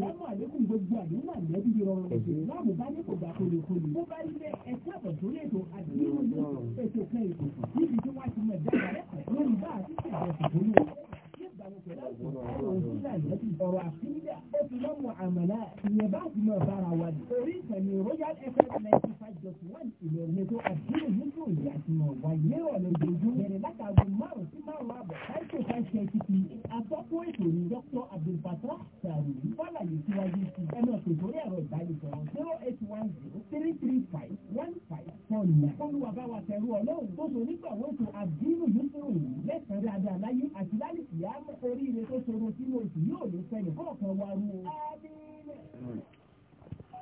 sàlámù àlékún gbogbo àdéhùn àlẹ́bí rọrùn ìsìláàmù bá ní kò gbà kólekóle. bó bá ilé ẹ̀ka àbọ̀tún lè tó àdéhùn ní ètò kan ètò níbi tí wọ́n ti mọ̀ dára lẹ́kọ̀ọ́ lórí bá àti ìṣẹ̀dọ̀tún tó lò. nígbà wo pẹ̀lú àwọn òṣìṣẹ́ àlẹ́bí ọ̀rọ̀ àfíńdà ó fi lọ́mù àmàlà ìyẹn bá ti mọ̀ bá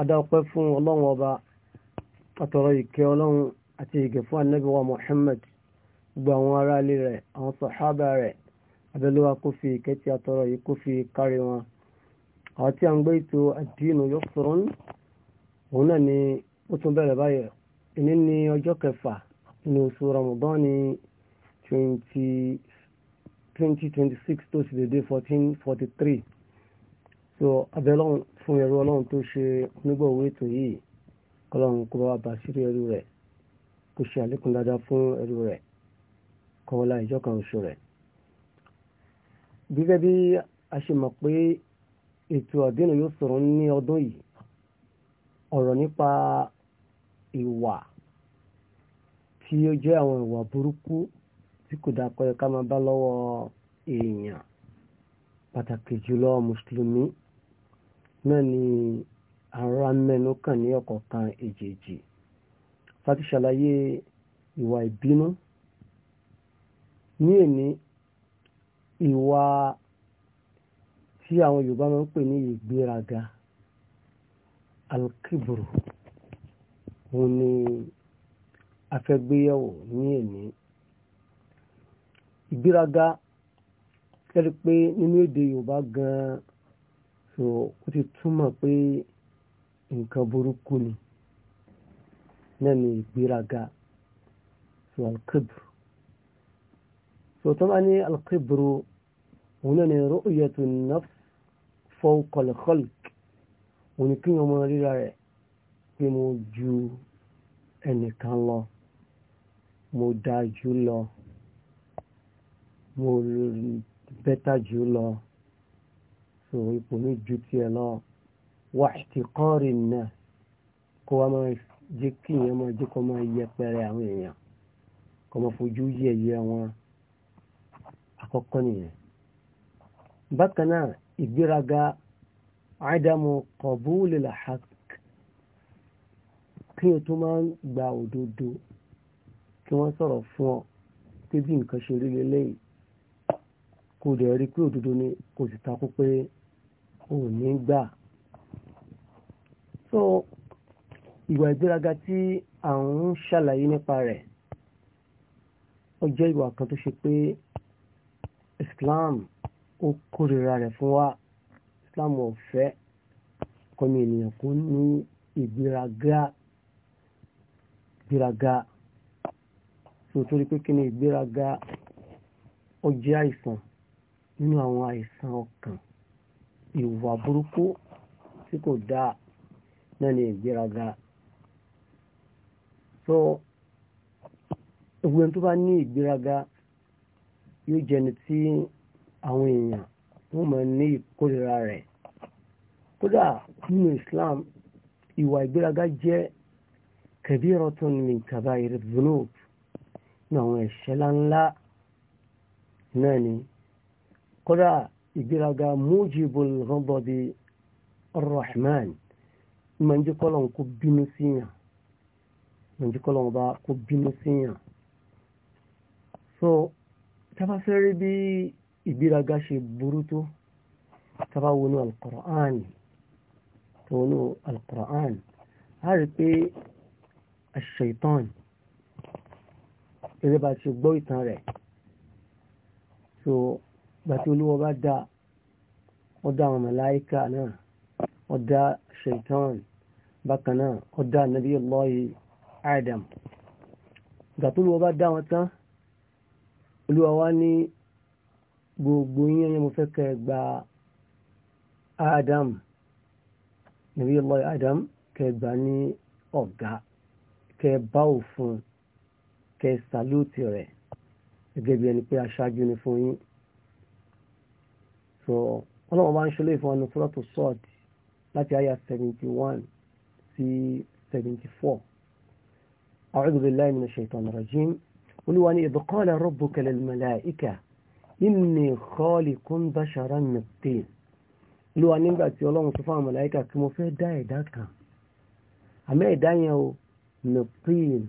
adáwọ̀pẹ́ fún ọlọ́run ọba àtọ̀rọ̀ ìkẹ́ ọlọ́run àti ìgẹ̀ fún ànábì wa Muhammad gbogbo àwọn ará ilé rẹ̀ àwọn sàhábà rẹ̀ abẹ́lúwa kó fi ìkẹ́ tí àtọ̀rọ̀ yìí kó fi kárí wọn àwọn tí a ń gbé ètò àdínú yusrun òun náà ni ó tún bẹ̀rẹ̀ báyìí ìní ní ọjọ́ kẹfà ní oṣù Ramadan ní 2026 tó sì dédé 1443 so abẹ́lọ́run fún ẹrú ọlọ́run tó ṣe onígbọ̀wọ́ ètò yìí kọlọ́run kó bá bá sírí ẹrú rẹ̀ kó ṣe àlékún dáadáa fún ẹrú rẹ̀ kọ́wọ́lá ìjọ kan oṣù rẹ̀. gẹ́gẹ́ bí a ṣe mọ̀ pé ètò àdínà yóò sọ̀rọ̀ ní ọdún yìí ọ̀rọ̀ nípa ìwà tí ó jẹ́ àwọn ìwà burúkú tí kò dáa kọ́ ká máa bá lọ́wọ́ èèyàn pàtàkì jùlọ mùsùlùmí náà ni ara mẹ́nu kàn ní ọ̀kọ̀ọ̀kan èjèèjì fati ṣàlàyé ìwà ìbínú ní èní ìwà tí àwọn Yorùbá máa ń pè ní ìgbéraga alkibru òun ni afẹ́gbéyẹ̀wò ní èní ìgbéraga kẹ́rì pé nínú èdè Yorùbá gan-an so ó ti túmọ̀ pé nǹkan burúkú ni náà ni ìgbéraga so alkibru so tó bá ní alkibru òun náà ni ru'yatu nafs fawqa al-khalq òun ni kí ọmọ ríra rẹ̀ pé mo ju ẹnìkan lọ mo dáa jù lọ mo bẹ́tà jù lọ so ipò ní ju tiẹ̀ lọ wà ìtìkọ́rì náà kó wa máa jẹ́ kí èèyàn máa jẹ́ kó máa yẹpẹrẹ àwọn èèyàn kó máa fojú yẹ̀yẹ́ wọn àkọ́kọ́ nìyẹn bákan náà ìgbéraga ádámù kọ̀búlì làhàk kí o tó máa ń gba òdodo kí wọ́n sọ̀rọ̀ fún ọ pé bí nǹkan ṣe rí lélẹ́yìí kò dẹ̀ rí pé òdodo ni kò sì takú pé ò gbà so ìwà ìgbéraga tí à ń ṣàlàyé nípa rẹ̀ ó jẹ́ ìwà kan tó ṣe pé Islam ó kórìíra rẹ̀ fún wa Islam ò fẹ́ kọ́mi ènìyàn kó ní ìgbéraga ìgbéraga so torí pé kí ni ìgbéraga ó jẹ́ àìsàn nínú àwọn àìsàn ọkàn ìwà burúkú tí kò dáa náà ni ìgbéraga so ogun tó bá ní ìgbéraga yóò jẹni tí àwọn èèyàn wọ́n máa ní ìkórira rẹ̀ kódà nínú Islam ìwà ìgbéraga jẹ́ kabiratun min kabairi dhunub ní àwọn ẹ̀ṣẹ̀ láńlá náà ni kódà ìgbéraga mujibul ghadabi arrahman ìmọ̀njẹ́ kọ́lọ̀ kó bínú síyàn ìmọ̀njẹ́ kọ́lọ̀ bá kó bínú síyàn so tábà fẹ́ rí bí ìgbéraga ṣe burú tó tábà wọnú al-Qur'an a rí pé aṣ-ṣaitan bá ti gbọ́ ìtàn rẹ̀ so ìgbà tí olúwa bá dá ó dá àwọn màláíkà náà ó dá shaitan bákan náà ó dá nàbí lọ́yì adam ìgbà tí olúwa bá dá wọn tán olúwa wá ní gbogbo yín mo fẹ́ kẹ́ gba adam nàbí lọ́yì adam kẹ́ gbà ní ọ̀gá kẹ́ bá òfin kẹ́ sàlúùtì rẹ̀ gẹ́gẹ́ bí ẹni pé aṣáájú ni fún yín so ọlọ́run bá ń ṣe léèfọ́ ní fúlọ́tò sọ́ọ̀d láti àyà seventy one sí seventy four a'udhu billahi minash shaitanir rajim olúwa ní idh qala rabbuka lil malaika inni khaliqun basharan min tin olúwa nígbà tí ọlọ́run tó fáwọn màláíkà kí mo fẹ́ dá ẹ̀dá kan àmì ẹ̀dá yẹn o min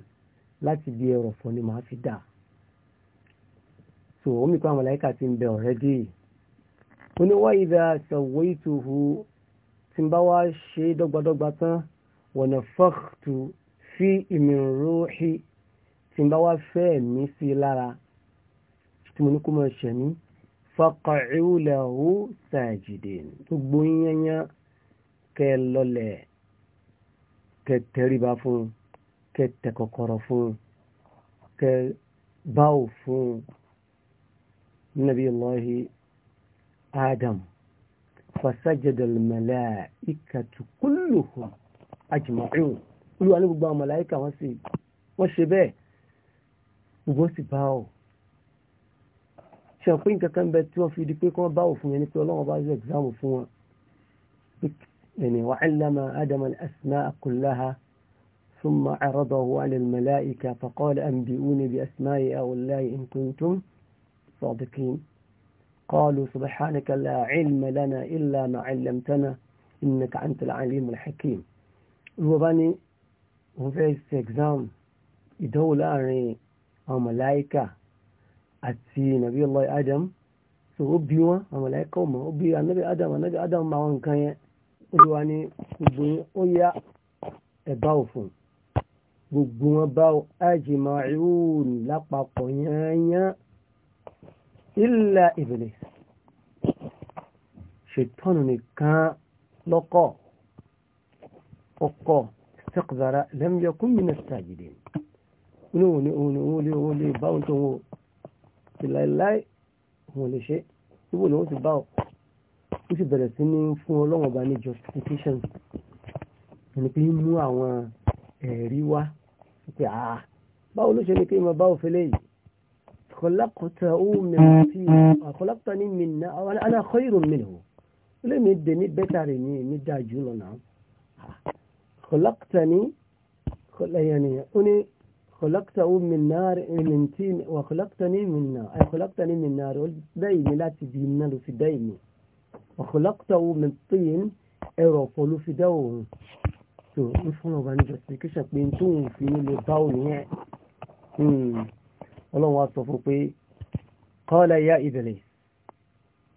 láti bí ẹrọ̀fọ̀ ni màá fi dà so omi pa màláíkà ti ń bẹ already ó ní wáyé dá ṣàwọ́ ìtòhù tí bá wá ṣe dọ́gbadọ́gba tán wọ̀nà fọ́ọ̀tù sí ìmìrúhì tí bá wá fẹ́ mí sí lára tí mo ní kó máa ṣẹ̀mí faqa'u lahu sajidin Allahi آدم فسجد الملائكة كلهم أجمعون olúwa ní gbogbo àwọn màláíkà wọ́n sì wọ́n ṣe bẹ́ẹ̀ gbogbo sì bá ọ̀ ṣe pé nǹkankan bẹ tí wọ́n fi di pé kí wọ́n bá òfin yẹn ni pé ọlọ́wọ́n bá yọ ẹ̀gzáàmù fún wọn ẹni wà allama adam al-asma'a kullaha thumma 'aradahu 'ala al-mala'ika faqala anbi'uni bi asma'i ha'ula'i in kuntum sadiqin قالوا سبحانك لا علم لنا إلا ما علمتنا إنك أنت العليم الحكيم الوباني وفيس اكزام يدو لاري الملائكة ملائكة أتي نبي الله آدم سو أبيوا وما أبي النبي آدم النبي آدم ما وان كان الواني أبي أويا أباوفون gbogbo wọn bá ajimaun lápapọ̀ yányán illa iblis ṣètọ́nù nìkan lọ́kọ̀ ọkọ̀ sẹ́kọ̀dára lam yakun mina sajidin inú òun ni òun ni òun lè òun lè bá òun tó wọn ti láìláì òun lè ṣe níbo ni wọ́n ti bá ọ ó bẹ̀rẹ̀ sí ní fún ọlọ́wọ́n ọba ní justification ẹni pé mú àwọn ẹ̀rí wá pé àá báwo ló ṣe ní kí n máa bá òfin léyìí khalaqtahu min tin khalaqtani min nar wa ana khayrun minhu lẹ́mi dè ní bẹ́tà rẹ̀ ní mi dáa jù lọ náà khalaqtani yani ó ní khalaqtahu min nar min tin wa khalaqtani min nar ay khalaqtani min nar ó dáì mi láti bí iná ló fi dáì mi wa khalaqtahu min tin ẹ̀rọ ọ̀pọ̀ ló fi dá òun tó ń fún ọba ní justification pé tóun fi ní lè bá òun yẹn ọlọ́run wa sọ fún pé qala ya Iblis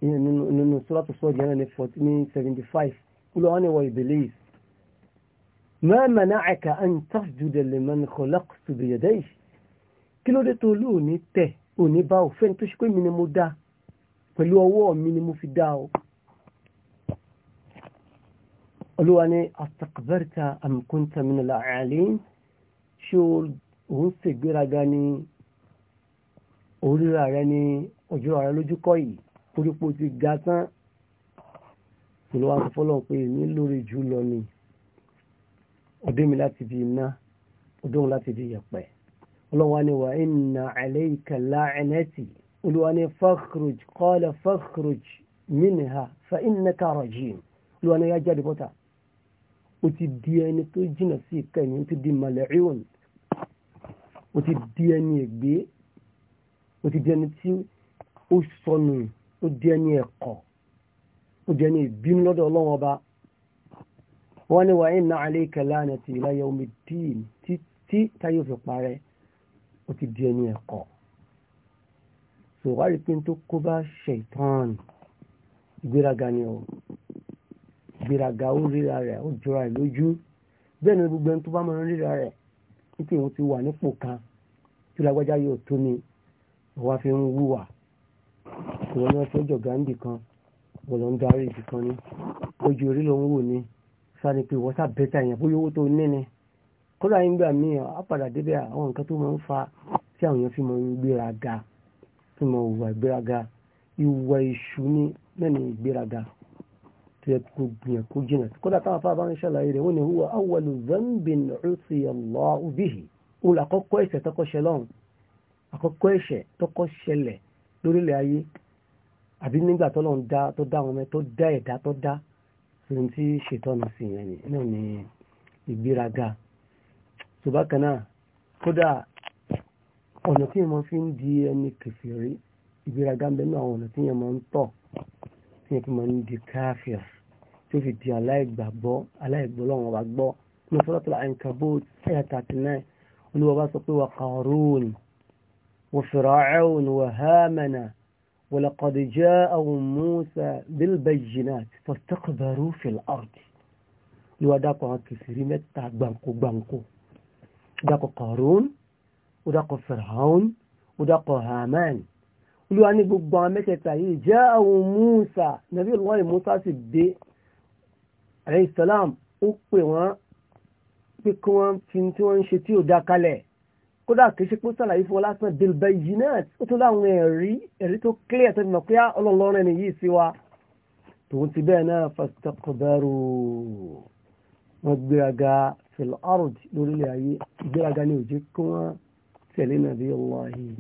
nínú suratu Sad náà ní fourteen seventy five kúlọ̀ wọn ni wọ Iblis ma mana'aka an tasjuda liman khalaqtu biyadayhi kí ló dé tó lù ú ní tẹ̀ òní bá òfin tó ṣe pé mi ni mo dá pẹ̀lú ọwọ́ mi ní oríra rẹ ni òjòrò rẹ lójúkọ́ yìí torípo ti ga tán olùwà sọ fọlọ́ pé èmi lórí jù lọ ni ọdẹ mi láti di iná ọdẹ òun láti di yẹ̀pẹ̀ ọlọ́wà ni wà inna alayka la'nati olùwà ni fakhruj qala fakhruj minha fa innaka rajim olùwà ni yá jáde bọ́ta ti di ẹni tó jìnà sí ìkẹyìn ó ti di malẹ̀ríwọ̀n ó ti di ẹni ègbé ó ti di ẹni tí ó sọnù ó di ẹni ẹ̀kọ́ ó di ẹni ìbínú lọ́dọ̀ ọlọ́run ọba wọ́n ní wa inna alayka lanati ila yawmiddin títí táyé òfin parẹ́ ó ti di ẹni ẹ̀kọ́ sòwárí pé tó kó bá ṣẹ̀tàn ìgbéraga ni ọ ìgbéraga ó ríra rẹ̀ ó jọra rẹ̀ lójú bẹ́ẹ̀ ni gbogbo ẹni tó bá máa ń ríra rẹ̀ nítorí òun ti wà nípò kan tí lágbájá yóò tó ni wá fi ń wúwà ìwọ náà tó jọ̀gá ń bì kan wọ́n lọ ń darí ibì kan ní ojú orí ló ń wò ní sáré pé wọ́n sá bẹ́tà yẹn bóyá owó tó ní ni kódà yín gbà míì àpàdà débẹ̀ àwọn nǹkan tó máa ń fa tí àwọn èèyàn fi máa ń gbéraga fi máa wùwà ìgbéraga ìwà ìṣù ní mẹ́ni ìgbéraga tó yẹ kó gbìyàn kó jìnà kódà táwọn afá bá ń ṣàlàyé rẹ̀ wọ́n ní huwa awwalu dhanbin 'usiya Allahu bihi òun làkọ́kọ́ ìṣẹ̀tọ́kọ́ṣẹ́ lọ́hùn àkọ́kọ́ ẹ̀ṣẹ̀ tọkọ ṣẹlẹ̀ lórílẹ̀ ayé àbí nígbà tó lọ́n dá tó dá wọn tó dá ẹ̀dá tó dá ohun tí ṣètọ́nà sí yẹn náà ni ìgbéraga ṣùgbọ́n kan náà kódà ọ̀nà tí ìmọ̀ fi ń di ẹni kèfèrí ìgbéraga ń bẹ náà àwọn ọ̀nà tí ìyẹn máa ń tọ̀ tí ìyẹn fi máa ń di káfíà tó fi di aláìgbàgbọ́ aláìgbọ́ lọ́wọ́ wa gbọ́ ní Suratul Ankabut ẹ̀yà 39 olúwa bá sọ pé wa Qarun وفرعون وهامنا ولقد جاءوا موسى بالبينات فاستقبروا في الأرض لوداكو كثير متى بانكو بانكو داكو قارون وداكو فرعون وداكو هامان olúwa ní gbogbo àwọn mẹ́tẹ̀ẹ̀ta yìí jẹ́ àwọn Musa nàbí Allah Musa sì dé alayhi salam ó pè wọ́n kódà kìí ṣe pé sàlàyé fún ọ lásán bilbayi náà ó tún láwọn ẹ̀rí ẹ̀rí tó clear tó fi mọ̀ pé ah, ọlọ́run ẹni yìí sí wa tòun ti bẹ́ẹ̀ náà fastaqbaru wọn gbéraga fil ard lórílẹ̀ ayé gbéraga ní òjì kí wọ́n tẹ̀lé nàbí ọlọ́hìn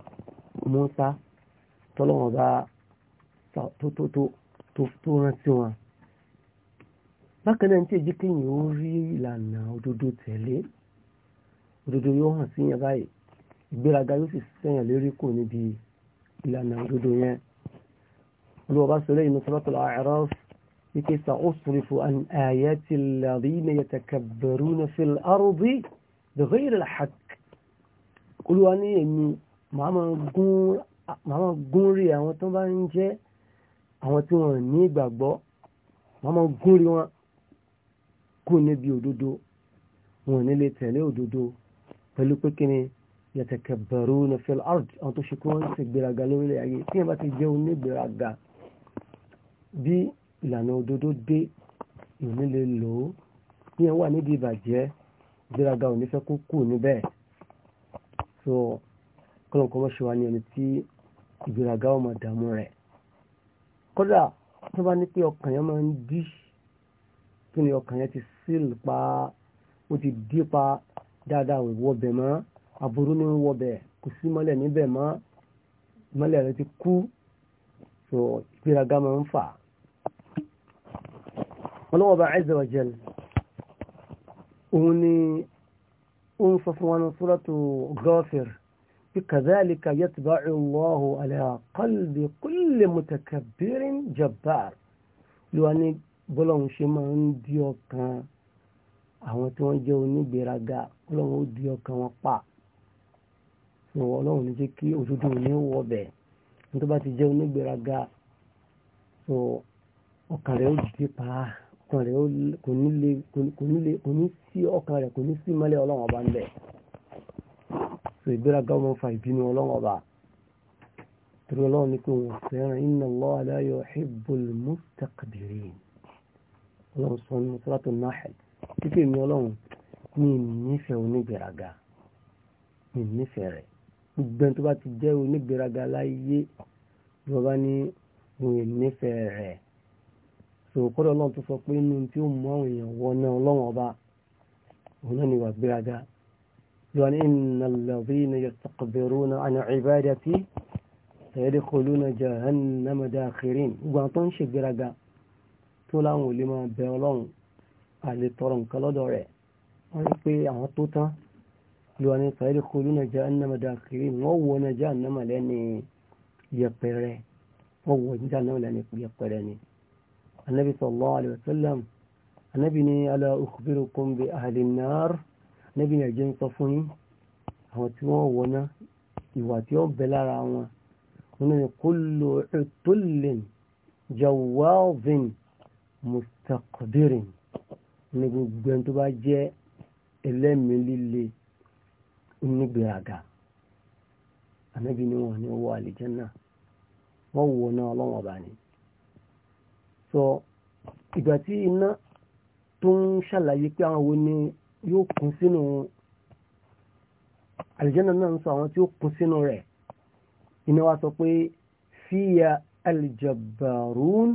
Mùsá tọ́lọ́wọ́n bá tó rántí wọn. bákan náà ní tí èjì kéèyàn ó rí ìlànà òdodo tẹ̀lé òdodo yóò hàn sí yẹn báyìí ìgbéraga yóò sì sẹ́yìn lérí kò níbi ìlànà òdodo yẹn olùwọ́bá sọ lẹ́yìn suratul A'raf wípé sa'usrifu an ayati alladhina yatakabbaruna fil ardi bighayri al-haqq olúwa ní èmi màá máa gún rí àwọn tó bá ń jẹ́ àwọn tí wọ́n ní ìgbàgbọ́ màá gún rí wọn kò níbi òdodo wọn ò ní lè tẹ̀lé òdodo pẹ̀lú pé kí ni yatakabbaruna fil ard àwọn tó ṣe kí wọ́n ṣe gbéraga lórílẹ̀ ayé tí yẹn bá ti jẹ́ onígbéraga bí ìlànà òdodo dé ìní lè lò ó bí yẹn wà nídìí ìbàjẹ́ gbéraga ò ní fẹ́ kó kù níbẹ̀ so kọ́lọ̀kọ́ mọ́ ṣe wá ní ẹni tí ìgbéraga ọmọ dààmú rẹ̀ kódà tó bá ní pé ọkàn yẹn máa ń dí kí ni ọkàn yẹn ti sílù pa ó ti dí pa dáadáa ò wọbẹ̀ mọ́ aburú ni ó wọbẹ̀ kò sí mọ́lẹ̀ níbẹ̀ mọ́ mọ́lẹ̀ rẹ ti kú so ìgbéraga máa ń fà á. ọlọ́wọ́ bá azza wa jal òun ni ó ń sọ fún wa ní suratu Ghafir كذلك يتبع الله على قلب كل متكبر جبار لو اني بلون شي ما نديو كان àwọn tí wọ́n jẹ́ onígbéraga ọlọ́run ó di ọkàn wọn pa ìwọ ọlọ́run ní jẹ́ kí òdodo ní wọ bẹ̀ ní tó bá ti jẹ́ onígbéraga so ọkàn rẹ̀ ó di pa ọkàn rẹ̀ kò ní sí ọkàn rẹ̀ kò ní sí mọ́lẹ̀ ọlọ́run ọba ń bẹ̀ so ìgbéraga ọmọ fa ìbínú ọlọ́run ọba torí ọlọ́run ní pé òun fẹ́ràn inna Allaha la yuhibbul mustakbirin ọlọ́run sọ ní Suratul Nahl títí èmi ọlọ́run ní nífẹ̀ẹ́ onígbèraga ní nífẹ̀ẹ́ rẹ̀ gbogbo ẹni tó bá ti jẹ́ onígbèraga láyé bí wọ́n bá ní òun nífẹ̀ẹ́ rẹ̀ sòkòrò ọlọ́run tó sọ pé inú tí ó mú àwọn èèyàn wọ náà ọlọ́run ọba òun náà ni wà gbéraga lọ́wọ́ ní innal ladhina yastakbiruna an ibadati sayadkhuluna jahannama dakhirin gbogbo àwọn tó ń ṣègbéraga tó láwọn ò lè máa bẹ ọlọ́run a lè tọrọ nǹkan lọ́dọ̀ rẹ̀ wọ́n ní pé àwọn tó tán ló wà ní sàárè kúrú nàìjà nàmà dàkìrí wọ́n wọ nàìjà nàmà lẹ́ni yẹpẹrẹ wọ́n wọ nàìjà nàmà lẹ́ni yẹpẹrẹ ni anabi sallallahu alayhi wa anabi ni ala ukhbirukum bi ahli nar anabi ni ẹ̀jẹ̀ ń sọ fún yín àwọn tí wọ́n wọ̀ náà ìwà tí ó bẹ lára wọn nínú ni kullu utulin jawazin mustaqbirin ní gbogbo ẹni tó bá jẹ́ ẹlẹ́mìí líle onígbèraga ànábì ni wọn ní wọ àlìjẹ́nà wọ́n wọ náà ọlọ́wọ́n ọba ni. sọ ìgbà tí iná tó ń ṣàlàyé pé àwọn wo ni yóò kún sínú àlìjẹ́nà náà ń sọ àwọn tí ó kún sínú rẹ̀ iná wa sọ pé fíya alìjàbàrún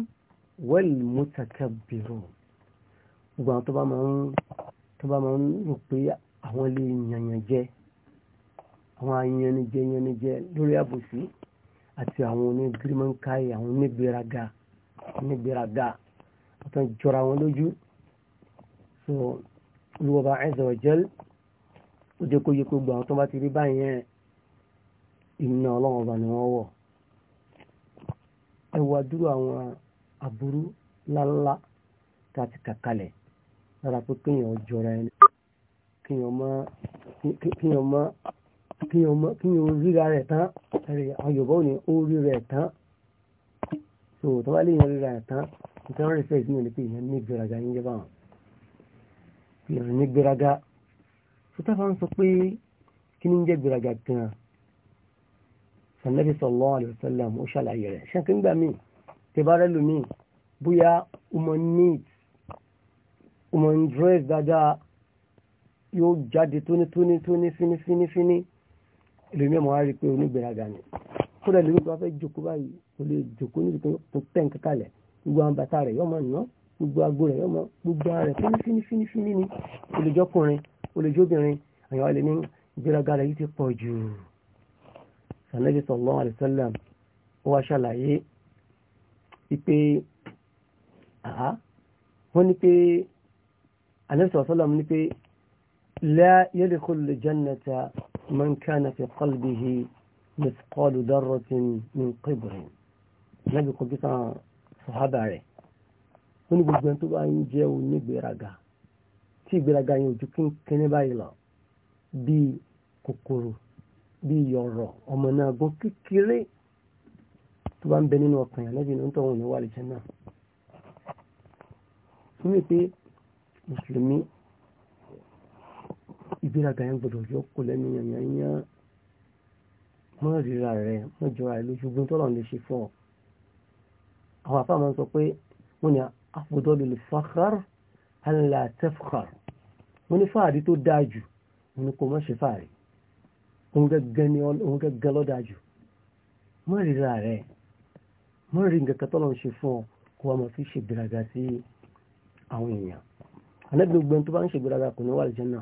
wal mutakabbirun gbogbo àwọn tó bá máa ń tó bá máa ń rò pé àwọn lè yànyàn jẹ àwọn ayanijẹ yanijẹ lórí àbòsí àti àwọn onígírímọ̀nkáì àwọn onígbéraga onígbéraga àtàn jọra wọn lójú so olùwọ́ba azza wa jal ó jẹ́ kó yẹ kó gbọ́ àwọn tó bá ti rí báyẹn iná ọlọ́run ni wọ́n wọ̀ ẹwà dúró àwọn aburú lálá tá a ti kàkalẹ̀ lára pé kéèyàn jọra ẹni kéèyàn ríra rẹ̀ tán ayọ̀bọ̀ ni ó ríra ẹ̀ tán so tó bá léèyàn ríra ẹ̀ tán nítorí wọ́n rí fẹ́ ìsinmi ní pé èèyàn ní ìgbéraga yín jẹ́ báwọn èèyàn ní ìgbéraga tó tábà ń sọ pé kí ni ń jẹ́ ìgbéraga gan-an sànẹ́bí sallallahu ó ṣàlàyé rẹ̀ ṣé kí ń gbà míì tẹ bóyá ó ó máa ń dress dáadáa yóò jáde tónítóní tóní fínífínífíní lèmi ọmọ wa rí i pé onígbèraga ni kódà lèmi tó wá fẹ́ jókòó báyìí kò lè jókòó níbi tó tẹ̀ ń kankalẹ̀ gbogbo àwọn bàtà rẹ̀ yóò máa ná gbogbo agbo rẹ̀ yóò máa gbogbo ara rẹ̀ fínífínífíní ni olùjọ́kùnrin olùjọ́bìnrin àyàn wa lè ní ìgbéraga rẹ̀ yìí ti pọ̀ jù sànẹ́bí sallallahu wọ́n ní pé النبي صلى الله عليه وسلم نبي لا يدخل الجنة من كان في قلبه مثقال ذرة من قبر النبي قلت كان صحابة عليه wọ́n ní gbogbo ẹni tó bá ń jẹ́ onígbéraga tí ìgbéraga yẹn ojú kínkínní báyìí lọ bíi kòkòrò bíi yọ̀rọ̀ ọmọ náà gún kékeré tó bá ń bẹ nínú ọkàn yẹn lẹ́bi ní ń tọ́wọ́n ní wàlẹ̀ jẹ́ náà mùsùlùmí ìgbéraga yẹn gbọdọ̀ yọ kó lẹ́nu yànyànyà mọ́ ìrira rẹ̀ mọ́ ìjọra rẹ̀ lójú gbọ́n tọ́lọ̀ lè ṣe fún ọ. àwọn afáàmọ́ sọ pé wọ́n ní àfọ̀dọ́ lè fàkàr àlà tẹ́fàkàr wọ́n ní fàárì tó dáa jù wọ́n ní kò mọ́ ṣe fàárì òun gẹ́gẹ́ lọ́dà jù mọ́ ìrira rẹ̀ mọ́ ìrìn gẹ́gẹ́ tọ́lọ̀ ṣe fún ọ kó wọ́n mọ̀ fi ṣe ìgbéraga sí àwọn èèyàn anábì gbogbo tó bá ń ṣègbéraga kò ní wà aljanna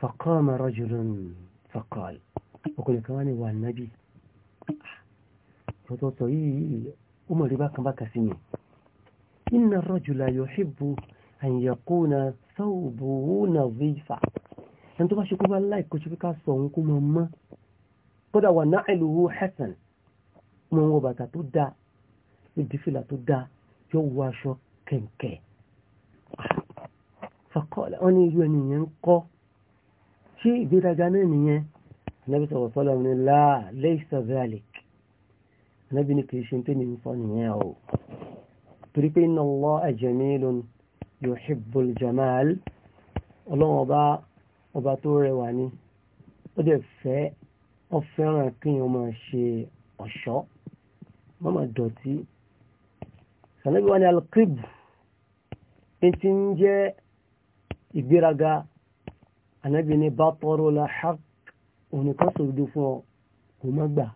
faqama rajulun faqal ọkùnrin kan wá ní wà nábì tọ́tọ́tọ́ yìí ó mọ̀ rí bákan bákan sí mi inna rajula yuhibbu an yakuna thawbuhu nadhifa ẹni tó bá ṣe kó bá láì kó ṣe fi ká sọ òun kó mọ mọ́ kódà wà na'iluhu hasan mọ wọn bàtà tó dáa ìdífìlà tó dáa yóò wọ aṣọ kẹ̀kẹ́ fàkọ́lẹ̀ wọ́n ní irú ẹniyàn ń kọ́ ṣé ìgbéraga náà nìyẹn anábì sọ̀rọ̀ sọ́lọ́ ní láà laysa zalik anábì ní kìí ṣe tó ní sọ nìyẹn o torí pé inna Allaha jamilun yuhibbul jamal ọlọ́run ọba ọba tó rẹwà ni ó jẹ́ ìgbéraga ànábì ní bá tọrọ la haq òní kan sòdodo fún ọ kò má gbà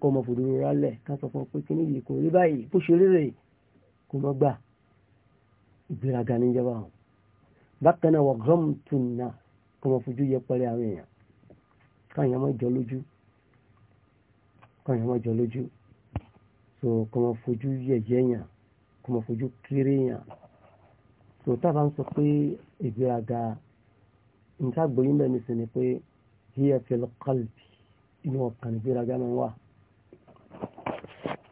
kó ọmọ fòdodo rálẹ̀ ká sọ fún ọ pé kíní yìí kò rí báyìí bó ṣe rírè kò má gbà ìgbéraga níjọba àwọn bákan náà wọ gọ́mùtún náà kó ọmọ fojú yẹpẹrẹ àwọn èèyàn káyìn ọmọ jọ lójú káyìn ọmọ jọ lójú so kó ọmọ fojú yẹyẹ yàn kó ọmọ fojú kéré yàn tó tábà ń sọ pé ìgbéraga nǹkan àgbóyún bẹ́ẹ̀ ní sinmi pé hiya fil qalbi inú ọkàn ìgbéraga máa ń wà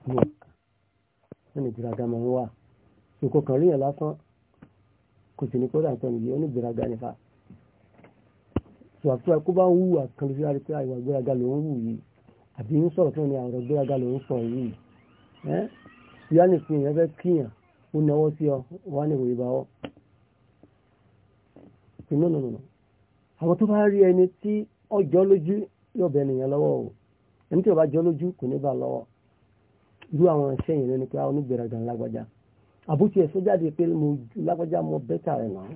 inú ọkàn nínú ìgbéraga máa ń wà ìkó kan ríyàn lásán kò sì ní kó dàgbà nìyí ó ní ìgbéraga nípa tó àti wá kó bá wù àkànlò sí àríkẹ́ àìwà ìgbéraga ló ń wù yìí àbí ń sọ̀rọ̀ tó ní àwọn ìgbéraga ló ń sọ yìí ẹ́ ìyá nìkan ìyẹn fẹ́ kíyàn ó náwó sí ọ wà ní ìwé ìbáwọ́ no no no àwọn tó bá rí ẹni tí ọjọ́ lójú yóò bẹ nìyẹn lọ́wọ́ o ẹni tí ó bá jọ lójú kò ní bá lọ́wọ́ irú àwọn iṣẹ́ yìí lẹ́nu pé àwọn onígbèrègàn lágbájá àbútí ẹ̀sọ́ jáde pé mo ju lágbájá mọ bẹ́tà rẹ̀ náà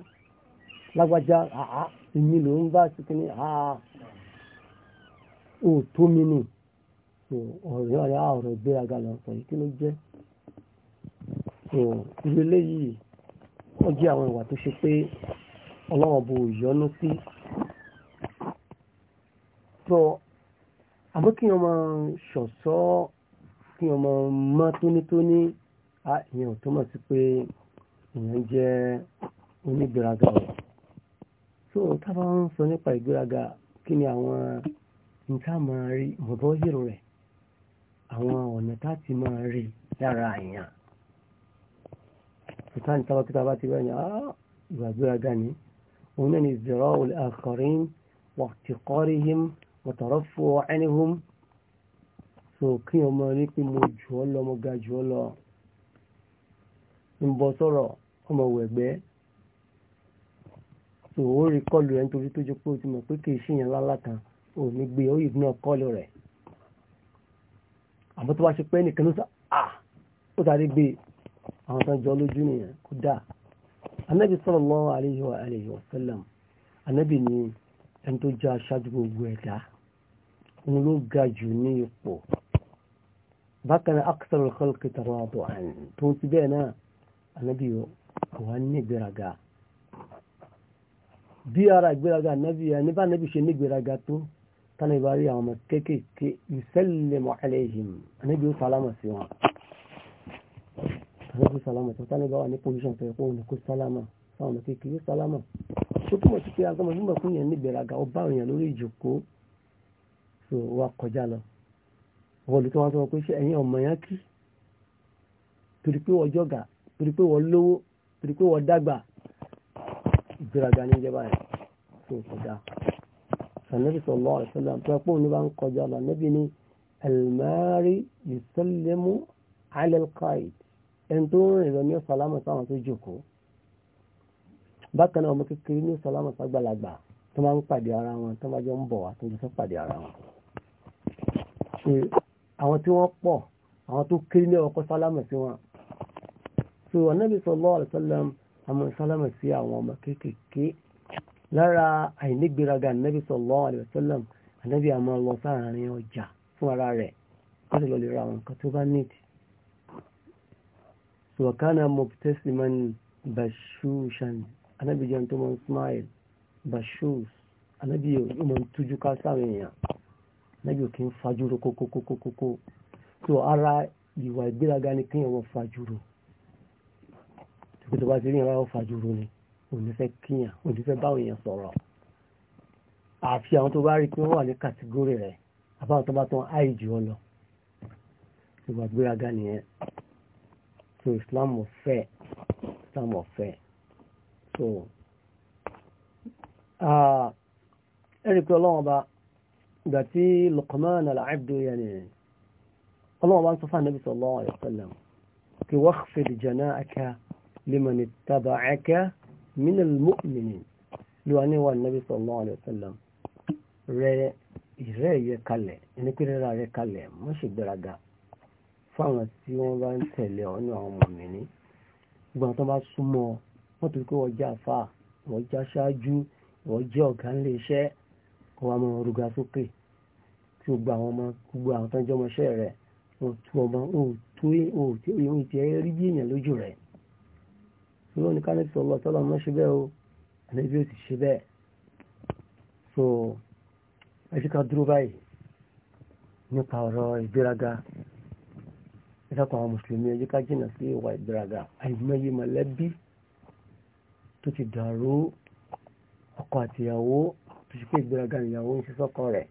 lágbájá àá èmi ló ń bá sí kíní àá ò tó mi nù ọ̀rẹ́ ọ̀rẹ́ àọ̀rọ̀ gbéraga yìí kí ló jẹ́ ìwé léyìí wọ́n jẹ́ àwọn ìwà tó ṣe pé ọlọ́wọ́n bo ìyọ́nú sí tó àmọ́ kí wọ́n máa ṣọ̀ṣọ́ kí wọ́n máa mọ́ tónítóní ìyẹn ò sí pé ìyẹn jẹ́ ọ̀rọ̀ so tábà ń sọ nípa ìgbéraga kí ni àwọn nǹkan máa rí mọ̀bọ́ yìí rẹ̀ àwọn ọ̀nà tá ti máa rí lára àyàn ìtàn tabakita bá ti rẹ̀ ní ah, ìgbàgbéraga ni òun náà ni zero al-akharin wa ihtiqarihim wa tarafu anhum so kí ọmọ rí pé mo jù ọ lọ mo ga jù ọ lọ ń bọ sọ̀rọ̀ ọmọ wẹ̀gbẹ́ so ó rí kọlù rẹ̀ nítorí tó jẹ́ pé o ti mọ̀ pé kì í ṣèyàn lálá kan ò ní gbé ó yìí náà kọlù rẹ̀ àmọ́ tó bá ṣe pé ẹnìkan ló sọ ah ó sáré gbé àwọn tó jọ lójú nìyẹn kó dà anabi sallallahu alayhi wa alayhi wa sallam anabi ni ẹni tó jẹ́ aṣáájú gbogbo ẹ̀dá òun ló ga jù ní ipò bákan náà akthar al-khalqi taradu'an tó ti bẹ́ẹ̀ náà anabi àwọn ní ìgbéraga bí ara ìgbéraga anabi ẹni bá anabi ṣe ní ìgbéraga tó tánà ìbárí àwọn ọmọ kéékèèké yusallimu alayhim sálámà tí wọ́n tánibà wà ní pòsíṣàn tó yẹ kó ní kó sálámà fáwọn ọ̀nà kékeré sálámà tó túmọ̀ sí pé agbọ́n nígbà fún yẹn níbẹ̀rẹ̀ àga ó bá òyìn lórí ìjókòó tó wà kọjá lọ wọ́n lè tó wọn sọ pé ṣé ẹ̀yin ọmọ yẹn kí torí pé wọ́n jọ̀gà torí pé wọ́n lówó torí pé wọ́n dàgbà ìgbéraga ní ìjẹba yẹn tó kọjá sànẹ́bí sọ̀lọ́ ọ̀sẹ̀lẹ̀ tó ẹ̀pọ̀ ẹni tó ń rìn lọ ní ọ̀sàlámù sáwọn tó jòkó bákan náà ọmọ kékeré ní ọ̀sàlámù sàgbàlagbà tó máa ń pàdé ara wọn tó máa jọ ń bọ̀ wá tó pàdé ara wọn. ṣe àwọn tí wọ́n pọ̀ àwọn tó kéré ní ọkọ̀ sálámù sí wọn. so anábì sallallahu alaihi wasallam àmọ́ sálámù sí àwọn ọmọ kéékèèké lára àìnígbéraga anábì sallallahu alaihi wasallam anábì àmọ́ lọ sáàárín ọjà fún ara rẹ̀ kó sì lọ lè ra sọ̀kánà mọ̀tẹ́sìmán bashushan anábì jẹun tó máa ń smile bashus anábì yóò máa ń tújú ká sáwọn èèyàn anábì òkè ń fajúro kókókókókó tó ara ìwà ìgbéraga ni kíyàn wọ́n fajúro tó bá ti rí ìran wọ́n fajúro ni onífẹ́ kíyàn onífẹ́ báwọn èèyàn sọ̀rọ̀ àfi àwọn tó bá rí pé wọ́n wà ní kàtígórì rẹ̀ àbáwọn tó bá tán àìjù ọ lọ ìwà ìgbéraga nìyẹn so Islam ọ̀fẹ́ Islam ọ̀fẹ́ so uh, ẹ̀rí pé ọlọ́wọ́n bá ìgbà tí Luqman al-abdu yẹn ọlọ́wọ́n bá ń sọ fún Ànábì sallallahu alaihi wasallam kí wakhfid janahaka liman ittaba'aka minal mu'minin ló wà níwà Ànábì sallallahu alaihi wasallam rẹ ìrẹ́ ìyẹ kalẹ̀ ẹni pé rẹ́ra rẹ kalẹ̀ mọ́ṣẹ́gbẹ́raga fáwọn tí wọ́n bá ń tẹ̀lé ọ ní àwọn mọ̀mìnì gbogbo àwọn tó bá súnmọ́ wọ́n tó kí wọ́n jẹ́ àfà wọ́n jẹ́ aṣáájú wọ́n jẹ́ ọ̀gá ńlé iṣẹ́ kó wa máa ruga sókè tí gbogbo àwọn ọmọ gbogbo àwọn tó ń jẹ́ ọmọọṣẹ́ rẹ̀ wọ́n tú ọmọ òòtú ìwọ̀n ìtì ẹ̀ rí bí èèyàn lójú rẹ̀ lọ́wọ́ ní kánẹ́tì sọ̀rọ̀ tọ́lá ọmọ ṣe bẹ́ẹ̀ o àní bí ó ti ṣe bẹ́ẹ̀ so ẹ fi ká dúró báyìí nípa ọ̀rọ̀ ìgbéraga ìsàkùn àwọn mùsùlùmí ẹjẹ́ ká jìnà sí ìwà ìgbéraga àìmọye mọ̀lẹ́bí tó ti dàrú ọkọ àtìyàwó tó ṣe pé ìgbéraga ìyàwó ń ṣe sọ́kọ rẹ̀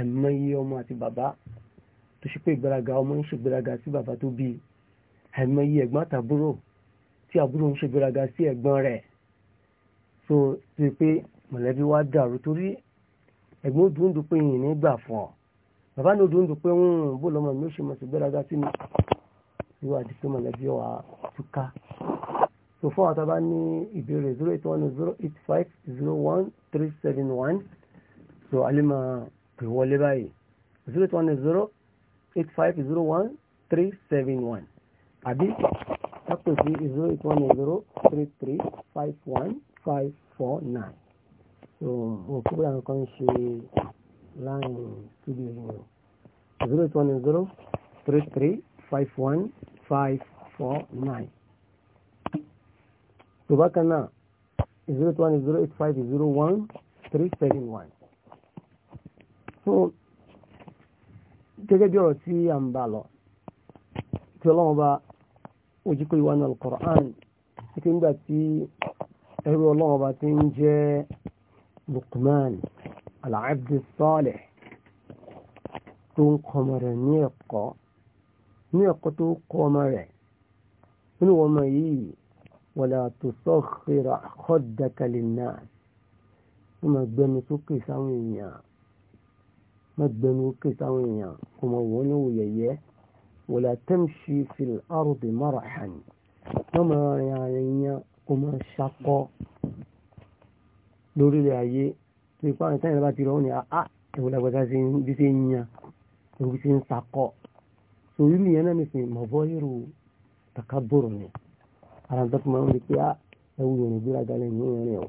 àìmọye ọmọ àti bàbá tó ṣe pé ìgbéraga ọmọ ń ṣe ìgbéraga sí bàbá tó bí àìmọye ẹ̀gbọ́n àtàbúrò tí àbúrò ń ṣe sí ẹ̀gbọ́n rẹ̀ so tó ṣe pé mọ̀lẹ́bí wa dàrú torí ẹ̀gbọ́n dùndùn pé ìyìn ní fún ọ bàbá ní odò ń dùn pé ń bò lọ́mọ mi ó ṣe mọ̀ sí gbéraga sí mi ìwà àti pé mọ̀lẹ́bí ọ̀wà túká tó fún àwọn tábà ní ìbéèrè zero eight one zero eight five zero one three seven one tó alẹ́ máa pè wọlé báyìí zero eight one zero eight five zero one three seven one àbí tápẹ̀ sí zero eight one zero three three five one five four nine tó mo kí nǹkan ń ṣe. Line kíndìnrín zero zero eight one zero three three five one five four nine tó bá zero eight one zero eight five zero one three seven one. so gẹ́gẹ́ bí ọ̀rọ̀ tí a ń bá lọ tí ọlọ́run bá ojú pé ìwà náà Qur'an nígbà tí ẹrú ọlọ́run bá ti ń jẹ́ Luqman العبد الصالح تون نيقا نيقا تو قمر من ولا تسخر خدك للناس وما بدنا سوكي سويا ما بدنا سوكي ساوينيا وما ونو ييه ولا تمشي في الأرض مرحا وما يعني وما شقا نوري لعيه tó ipa àwọn ìtàn ìrẹ́bà ti rọ̀ ní àá ẹ̀wọ̀n lágbàdá bí ṣe ń yan ẹ̀wọ̀n bí ṣe ń sakọ̀ sórí mi yẹn náà ní sìn mọ̀bọ́ yẹ̀rù takaboro ni ara tó máa ń rí pé ah, ẹ̀wọ̀n yẹn ìgbéraga lẹ́yìn yẹn rẹ̀ o.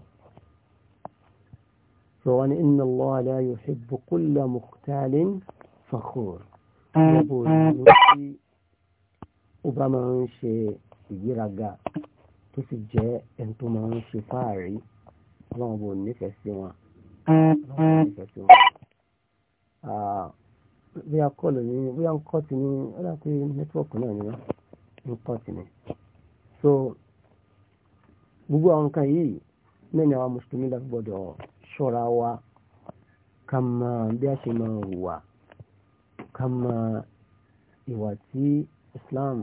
sọ wọn ni inna Allah la yuhibbu kulla mukhtalin fakhur lọ́bù ní tí ó máa ń ṣe ìgbéraga tó sì jẹ́ ẹni máa ń ṣe fáàrí ọlọ́run bò nífẹ̀ẹ́ sí wọn bí a kọlù ní bí a ń kọ́ ti ní ọ́dà pé nẹ́tíwọ̀kì náà ni wọ́n ń kọ́ ti ní so gbogbo àwọn nǹkan yìí náà ni àwọn mùsùlùmí láti gbọ́dọ̀ ṣọ́ra wa ká máa bí a ṣe máa wà ká máa ìwà tí Islam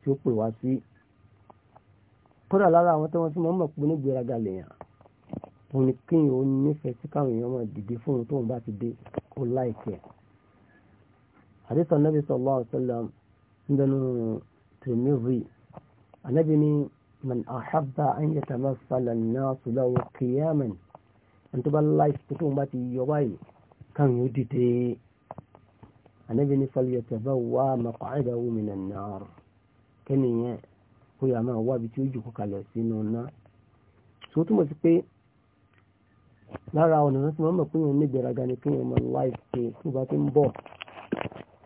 tí ó pè wá sí kódà lára àwọn tí wọ́n ti máa ń mọ̀ pé onígbéraga lèèyàn òun ni kíyìn ó nífẹ̀ẹ́ sí káwọn èèyàn máa dìde fóun tóun bá ti dé kó láìkẹ́ àdìsàn nàbì sallallahu alaihi wasallam nínú tìrìmìrì ànábì ní man ahabba an yatamassala an-nasu lahu qiyaman ẹni tó bá láìkẹ́ tóun bá ti yọ báyìí káwọn yóò dìde ànábì ní falyatabawwa maq'adahu minan nar kẹ́niyẹn kó yà máa wábi tí ó jù kó lára ọ̀nà tí wọ́n mọ̀ pé yẹn ní ìgbéraga ni kí yẹn mọ láìsí pé tí bá ti ń bọ̀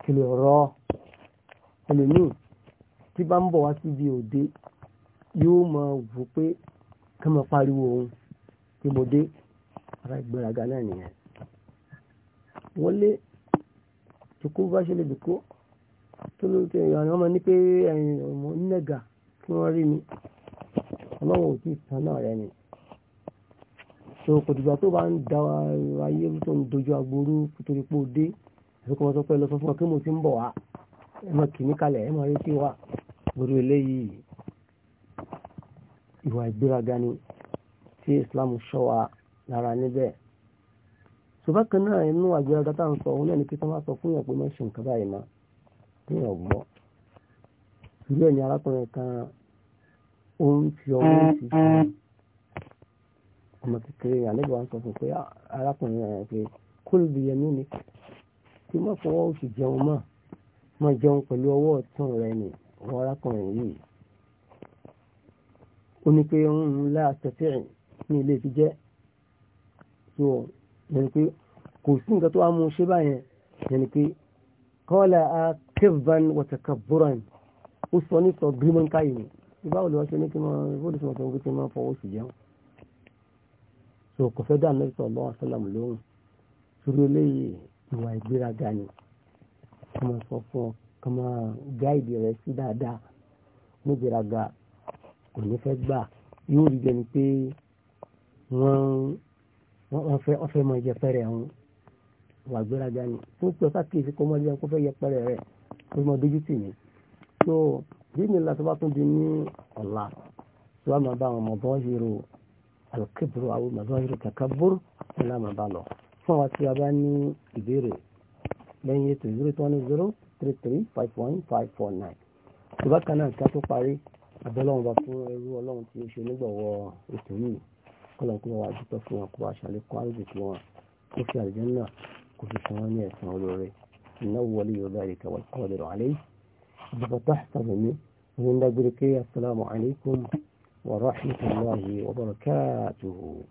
kí lè rọ́ ẹlòmíì tí bá ń bọ̀ wá síbi òde yóò mọ wò pé kí wọ́n pariwo òun tí mo dé ara ìgbéraga náà nìyẹn. wọ́n lé jòkó bá ṣe lè jòkó tó ló ti ẹ̀yàn àwọn ọmọ ní pé ẹ̀yìn ọmọ nẹ́gà kí wọ́n rí mi ọlọ́run ò tí ì tán náà nìyẹn so kò dìgbà tó bá ń da ayé tó ń dojú agboolú torí pé ó dé àfikún wọn sọ pé lọ sọ wa kí mo ti ń bọ̀ wá ẹ máa kì mí kalẹ̀ ẹ máa retí wa gbogbo eléyìí ìwà ìgbéraga ni tí Islam ṣọ́ wa lára níbẹ̀ ṣùgbọ́n kan náà inú àgbéraga tá à ń sọ òun náà ni kí sọ máa sọ fún yàn pé má ṣe nǹkan báyìí má ní ọ̀gbọ́ ìlú ẹ̀yìn arákùnrin kan ó ń fi ọwọ́ sí i ọmọ kékeré àlejò wa ń sọ fún pé ah, arákùnrin rẹ̀ pé kúlù bí yẹmí ni tí wọ́n fọwọ́ oṣù jẹun mọ́ mọ́ jẹun pẹ̀lú ọwọ́ ọ̀tún rẹ̀ ni wọ́n arákùnrin yìí ó ní pé ń lá àtẹ̀fẹ́ ní ilé ti jẹ́ tó yẹn pé kò sí nǹkan tó wá mú ṣe báyẹn yẹn pé kọ́lá a kẹ́van wọ̀tẹ̀kàbúrán ó sọ ní sọ gírímọ́ńkáyì ni ìbáwò lè wá ṣe ní kí wọ́n fọwọ́ sí jẹun so kò fẹ́ dá Ànábì sallallahu alaihi wasallam lóhùn sórí eléyìí ìwà ìgbéraga ni kò máa sọ fún ọ kò máa gáìdì rẹ sí dáadáa ní ìgbéraga kò ní fẹ́ gbà yóò rí jẹni pé wọ́n wọ́n fẹ́ wọ́n fẹ́ máa yẹpẹrẹ ẹ̀hún ìwà ìgbéraga ni tó pẹ́ sákèsí kó máa jẹun kó fẹ́ yẹpẹrẹ rẹ kó máa dójú tì mí so bí mi là tó bá tún di ní ọ̀la tó wà máa bá àwọn ọmọ bọ́ọ̀ yìí rò alkibru àwọn mazahiru takabur alámàbá lọ fún wa tí a bá ní ìbéèrè lẹ́yìn ètò zero two one zero three three five one five four nine tó bá kan náà ká tó parí abẹ́lọ́wọ́n bá fún ẹrú ọlọ́run tí ó ṣe onígbọ̀wọ́ ètò yìí kọ́lọ̀ kó wà dúpẹ́ fún wọn kó wà ṣàlékún àrùbìkì wọn kó fi àlùjànnà kó fi san wọn ní ẹ̀sán olóore innahu waliyyu dhalika wal qadiru alayhi. بفتحت مني من دبركي السلام عليكم ورحمة الله وبركاته